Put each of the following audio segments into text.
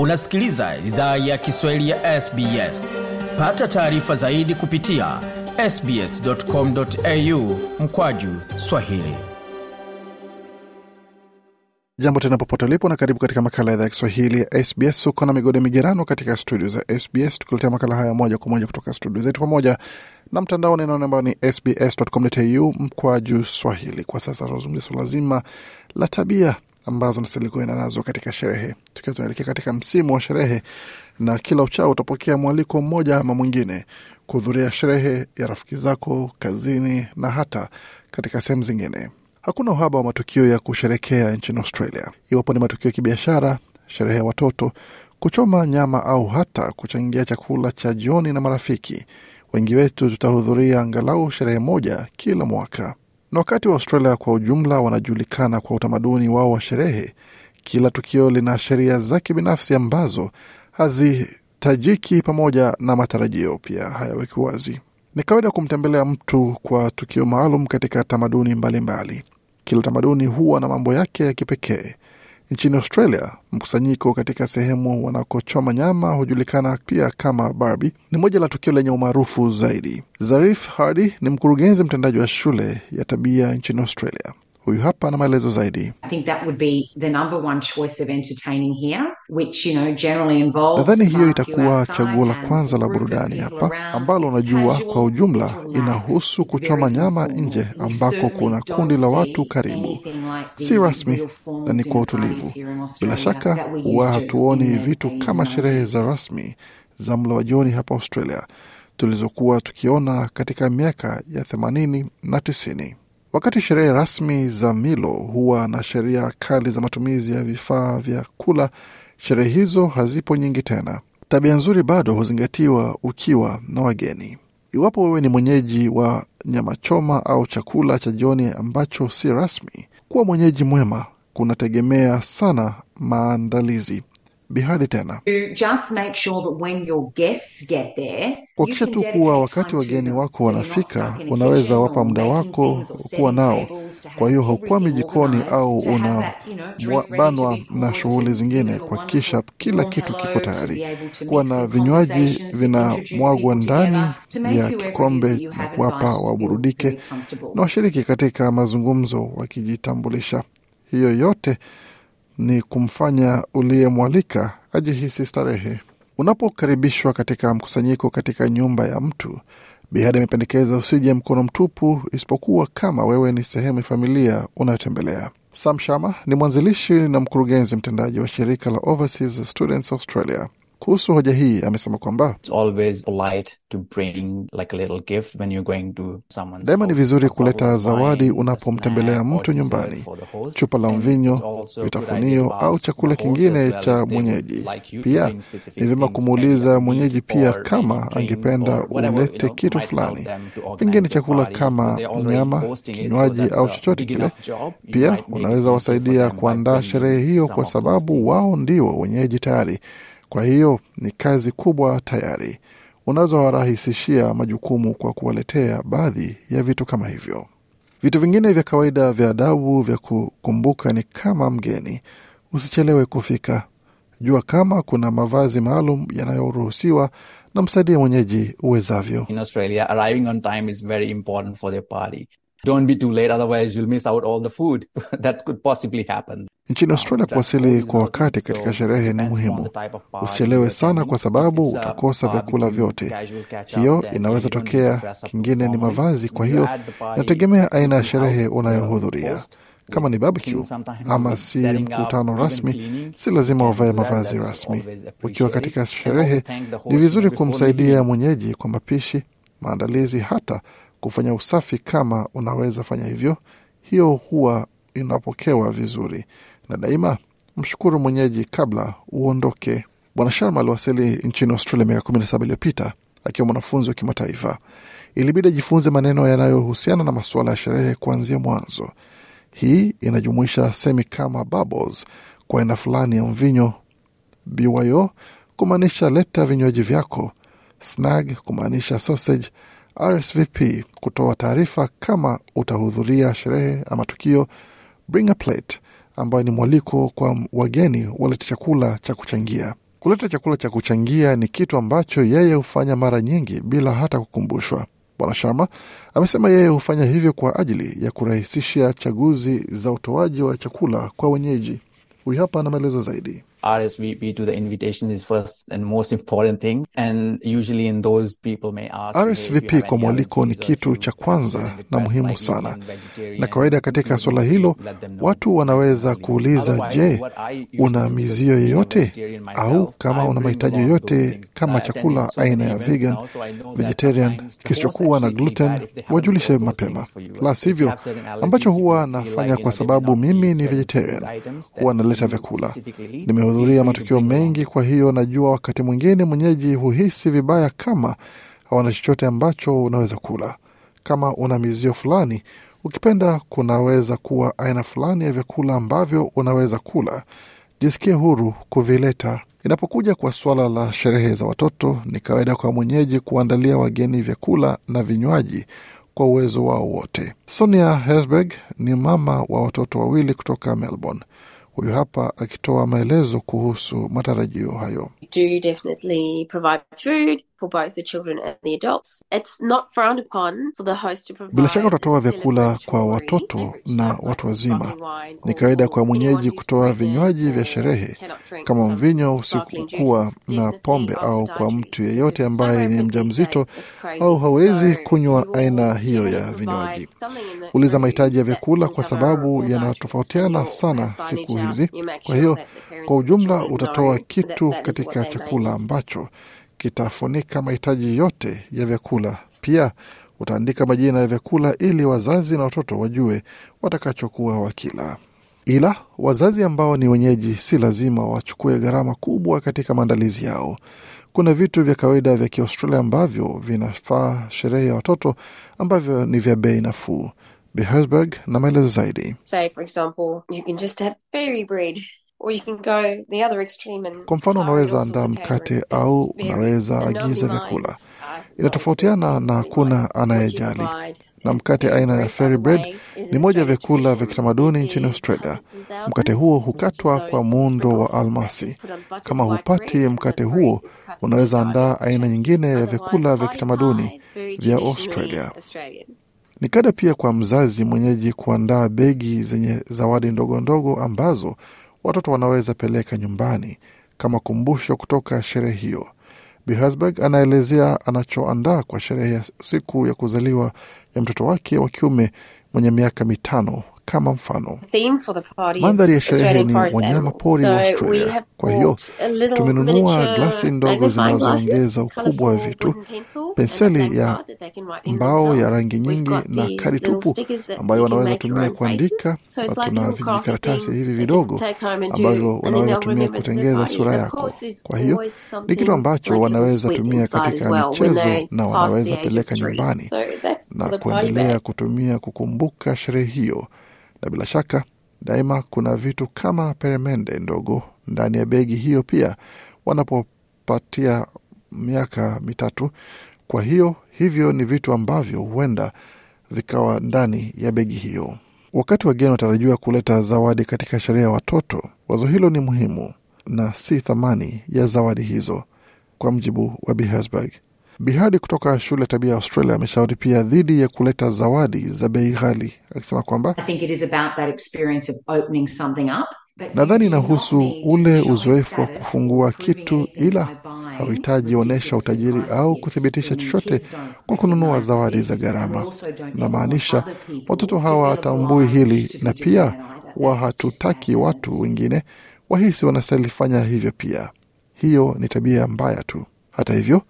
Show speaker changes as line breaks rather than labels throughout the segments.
unasikiliza idhaa ya kiswahili ya sbs pata taarifa zaidi kupitia sbscomau mkwaju swahili jambo tena popote ulipo na karibu katika makala idhaa ya kiswahili ya sbs huko na migode migerano katika studio za sbs tukuletea makala haya moja kwa moja kutoka studio zetu pamoja na mtandao ninaona ambao ni sbscomau mkwaju swahili kwa sasa tunazungumzia swala zima la tabia ambazo Naseli nazo katika sherehe. Tukiwa tunaelekea katika msimu wa sherehe, na kila uchao utapokea mwaliko mmoja ama mwingine kuhudhuria sherehe ya rafiki zako kazini na hata katika sehemu zingine. Hakuna uhaba wa matukio ya kusherekea nchini Australia, iwapo ni matukio ya kibiashara, sherehe ya watoto, kuchoma nyama au hata kuchangia chakula cha jioni na marafiki. Wengi wetu tutahudhuria angalau sherehe moja kila mwaka. Na wakati wa Australia kwa ujumla wanajulikana kwa utamaduni wao wa sherehe, kila tukio lina sheria zake binafsi ambazo hazitajiki pamoja na matarajio pia hayaweki wazi. Ni kawaida kumtembelea mtu kwa tukio maalum katika tamaduni mbalimbali mbali. Kila tamaduni huwa na mambo yake ya kipekee Nchini Australia, mkusanyiko katika sehemu wanakochoma nyama hujulikana pia kama barbi, ni moja la tukio lenye umaarufu zaidi. Zarif Hardy ni mkurugenzi mtendaji wa shule ya tabia nchini Australia. Huyu hapa na maelezo zaidi. Nadhani hiyo itakuwa chaguo la kwanza la burudani hapa, ambalo unajua, kwa ujumla inahusu kuchoma nyama nje, ambako kuna kundi la watu karibu, si rasmi na ni kwa utulivu. Bila shaka, huwa hatuoni vitu kama sherehe za rasmi za mlo wa jioni hapa Australia tulizokuwa tukiona katika miaka ya 80 na 90. Wakati sherehe rasmi za milo huwa na sheria kali za matumizi ya vifaa vya kula, sherehe hizo hazipo nyingi tena. Tabia nzuri bado huzingatiwa ukiwa na wageni. Iwapo wewe ni mwenyeji wa nyama choma au chakula cha jioni ambacho si rasmi, kuwa mwenyeji mwema kunategemea sana maandalizi bihadi tena. Kuhakikisha tu kuwa wakati wageni wako wanafika, unaweza wapa muda wako kuwa nao. Kwa hiyo haukwami jikoni au unabanwa na shughuli zingine, kuhakikisha kila kitu kiko tayari, kuwa na vinywaji vinamwagwa ndani ya kikombe na kuwapa waburudike na washiriki katika mazungumzo wakijitambulisha. Hiyo yote ni kumfanya uliyemwalika ajihisi starehe. Unapokaribishwa katika mkusanyiko katika nyumba ya mtu, bihada imependekeza usije mkono mtupu, isipokuwa kama wewe ni sehemu ya familia unayotembelea. Sam Shama ni mwanzilishi na mkurugenzi mtendaji wa shirika la Overseas Students Australia. Kuhusu hoja hii amesema kwamba daima ni vizuri kuleta zawadi unapomtembelea mtu nyumbani, chupa la mvinyo, vitafunio au chakula kingine cha mwenyeji. Pia ni vyema kumuuliza mwenyeji pia kama angependa ulete kitu fulani, pengine chakula kama mnyama, kinywaji au chochote kile. Pia unaweza wasaidia kuandaa sherehe hiyo, kwa sababu wao ndio wenyeji tayari. Kwa hiyo ni kazi kubwa tayari. Unazowarahisishia majukumu kwa kuwaletea baadhi ya vitu kama hivyo. Vitu vingine vya kawaida vya adabu vya kukumbuka ni kama mgeni, usichelewe kufika, jua kama kuna mavazi maalum yanayoruhusiwa na msaidie mwenyeji uwezavyo. Don't be too late, otherwise you'll miss out all the food that could possibly happen. Nchini Australia, kuwasili kwa wakati katika sherehe ni muhimu. Usichelewe sana, kwa sababu utakosa vyakula vyote, hiyo inaweza tokea. Kingine ni mavazi, kwa hiyo inategemea aina ya sherehe unayohudhuria kama ni barbecue ama si mkutano rasmi, si lazima wavae mavazi rasmi. Ukiwa katika sherehe, ni vizuri kumsaidia mwenyeji kwa mapishi, maandalizi, hata kufanya usafi kama unaweza fanya hivyo. Hiyo huwa inapokewa vizuri, na daima mshukuru mwenyeji kabla uondoke. Bwana Sharma aliwasili nchini Australia miaka 17 iliyopita akiwa mwanafunzi wa kimataifa. Ilibidi ajifunze maneno yanayohusiana na masuala ya sherehe kuanzia mwanzo. Hii inajumuisha semi kama bubbles kwa aina fulani ya mvinyo, byo kumaanisha leta vinywaji vyako, snag kumaanisha sausage RSVP kutoa taarifa kama utahudhuria sherehe ama tukio Bring a Plate, ambayo ni mwaliko kwa wageni walete chakula cha kuchangia. Kuleta chakula cha kuchangia ni kitu ambacho yeye hufanya mara nyingi bila hata kukumbushwa. Bwana Sharma amesema yeye hufanya hivyo kwa ajili ya kurahisisha chaguzi za utoaji wa chakula kwa wenyeji. Huyu hapa na maelezo zaidi we do the invitation is first and most important thing and usually in those people may ask RSVP kwa mwaliko ni kitu cha kwanza na muhimu sana, na kawaida katika swala hilo watu wanaweza kuuliza, je, una mizio yoyote au kama una mahitaji yoyote kama uh, chakula aina ya vegan, vegetarian kisichokuwa na gluten, wajulishe mapema, la sivyo, ambacho huwa nafanya kwa sababu mimi ni vegetarian, huwa naleta vyakula nimeo Nimehudhuria matukio mengi, kwa hiyo najua wakati mwingine mwenyeji huhisi vibaya kama hawana chochote ambacho unaweza kula. Kama una mizio fulani, ukipenda, kunaweza kuwa aina fulani ya vyakula ambavyo unaweza kula. Jisikie huru kuvileta. Inapokuja kwa suala la sherehe za watoto, ni kawaida kwa mwenyeji kuandalia wageni vyakula na vinywaji kwa uwezo wao wote. Sonia hersberg ni mama wa watoto wawili kutoka Melbourne. Huyu hapa akitoa maelezo kuhusu matarajio hayo. Do definitely provide food for both the children and the adults. It's not frowned upon for the host to provide. Bila shaka utatoa vyakula kwa watoto na watu wazima. Ni kawaida kwa mwenyeji kutoa vinywaji vya sherehe kama mvinyo usikuwa na pombe, au kwa mtu yeyote ambaye ni mjamzito au hawezi kunywa aina hiyo ya vinywaji. Uliza mahitaji ya vyakula kwa sababu yanatofautiana sana siku hizi. Kwa hiyo, kwa ujumla utatoa kitu katika chakula ambacho kitafunika mahitaji yote ya vyakula. Pia utaandika majina ya vyakula ili wazazi na watoto wajue watakachokuwa wakila. Ila wazazi ambao ni wenyeji si lazima wachukue gharama kubwa katika maandalizi yao. Kuna vitu vya kawaida vya Kiaustralia ambavyo vinafaa sherehe ya watoto ambavyo ni vya bei nafuu. Behersberg na maelezo zaidi. Say for example, you can just have fairy bread kwa mfano, unaweza andaa mkate au unaweza agiza vyakula, inatofautiana na hakuna anayejali. Na mkate aina ya Fairy Bread ni moja ya vyakula vya kitamaduni nchini Australia. Mkate huo hukatwa kwa muundo wa almasi. Kama hupati mkate huo, unaweza andaa aina nyingine ya vyakula vya kitamaduni vya Australia. Ni kada pia kwa mzazi mwenyeji kuandaa begi zenye zawadi ndogo ndogo ambazo watoto wanaweza peleka nyumbani kama kumbusho kutoka sherehe hiyo. Bihasberg anaelezea anachoandaa kwa sherehe ya siku ya kuzaliwa ya mtoto wake wa kiume mwenye miaka mitano kama mfano. Mandhari ya sherehe ni wanyama pori wa Australia. Kwa hiyo tumenunua glasi ndogo zinazoongeza ukubwa wa vitu, penseli ya mbao ya rangi nyingi na kadi tupu ambayo wanaweza tumia kuandika, na tuna vijikaratasi hivi vidogo ambavyo wanaweza tumia kutengeza sura yako. Kwa hiyo ni kitu ambacho wanaweza tumia katika michezo na wanaweza peleka nyumbani na kuendelea kutumia kukumbuka sherehe hiyo na bila shaka daima kuna vitu kama peremende ndogo ndani ya begi hiyo pia wanapopatia miaka mitatu. Kwa hiyo hivyo ni vitu ambavyo huenda vikawa ndani ya begi hiyo. Wakati wageni watarajiwa kuleta zawadi katika sheria ya watoto, wazo hilo ni muhimu na si thamani ya zawadi hizo, kwa mjibu wa Bihesberg. Bihadi kutoka shule tabia ya Australia ameshauri pia dhidi ya kuleta zawadi za bei ghali, akisema kwamba nadhani inahusu ule uzoefu wa kufungua kitu, ila hauhitaji onyesha utajiri au kuthibitisha chochote kwa kununua zawadi za gharama. Namaanisha watoto hawa hawatambui hili, na pia wa hatutaki watu wengine wahisi wanastahili fanya hivyo pia. Hiyo ni tabia mbaya tu. Hata hivyo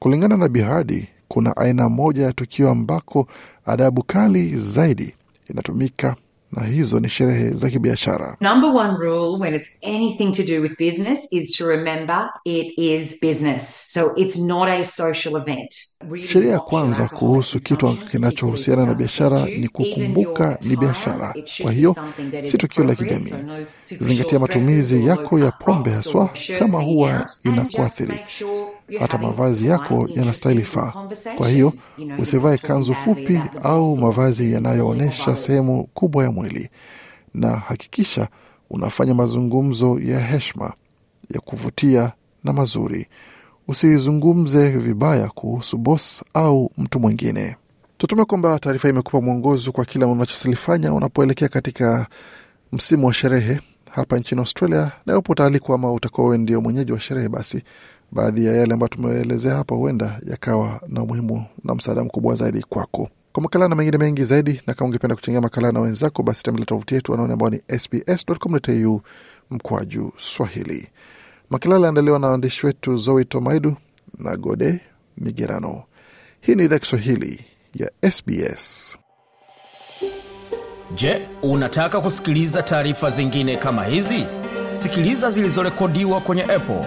Kulingana na Bihadi, kuna aina moja ya tukio ambako adabu kali zaidi inatumika na hizo ni sherehe za kibiashara. sheria ya kwanza kuhusu kitu kinachohusiana na biashara ni kukumbuka ni biashara, kwa hiyo si tukio la kijamii. Zingatia matumizi yako ya pombe haswa kama huwa inakuathiri hata mavazi yako yanastahili faa. Kwa hiyo usivae kanzu fupi au mavazi yanayoonyesha sehemu kubwa ya mwili, na hakikisha unafanya mazungumzo ya heshima, ya kuvutia na mazuri. Usizungumze vibaya kuhusu bos au mtu mwingine. Tutume kwamba taarifa imekupa mwongozo kwa kila unachosilifanya unapoelekea katika msimu wa sherehe hapa nchini Australia, na iwapo utaalikwa ama utakuwa wewe ndio mwenyeji wa sherehe, basi baadhi ya yale ambayo tumeelezea hapa huenda yakawa na umuhimu na msaada mkubwa zaidi kwako. Kwa makala na mengine mengi zaidi, na kama ungependa kuchangia makala na wenzako, basi tembele tovuti yetu anaone ambao ni sbs.com.au mkwaju Swahili. Makala aliandaliwa na waandishi wetu zoi Tomaidu na Gode Migerano. Hii ni idhaa Kiswahili ya SBS. Je, unataka kusikiliza taarifa zingine kama hizi? Sikiliza zilizorekodiwa kwenye Apple,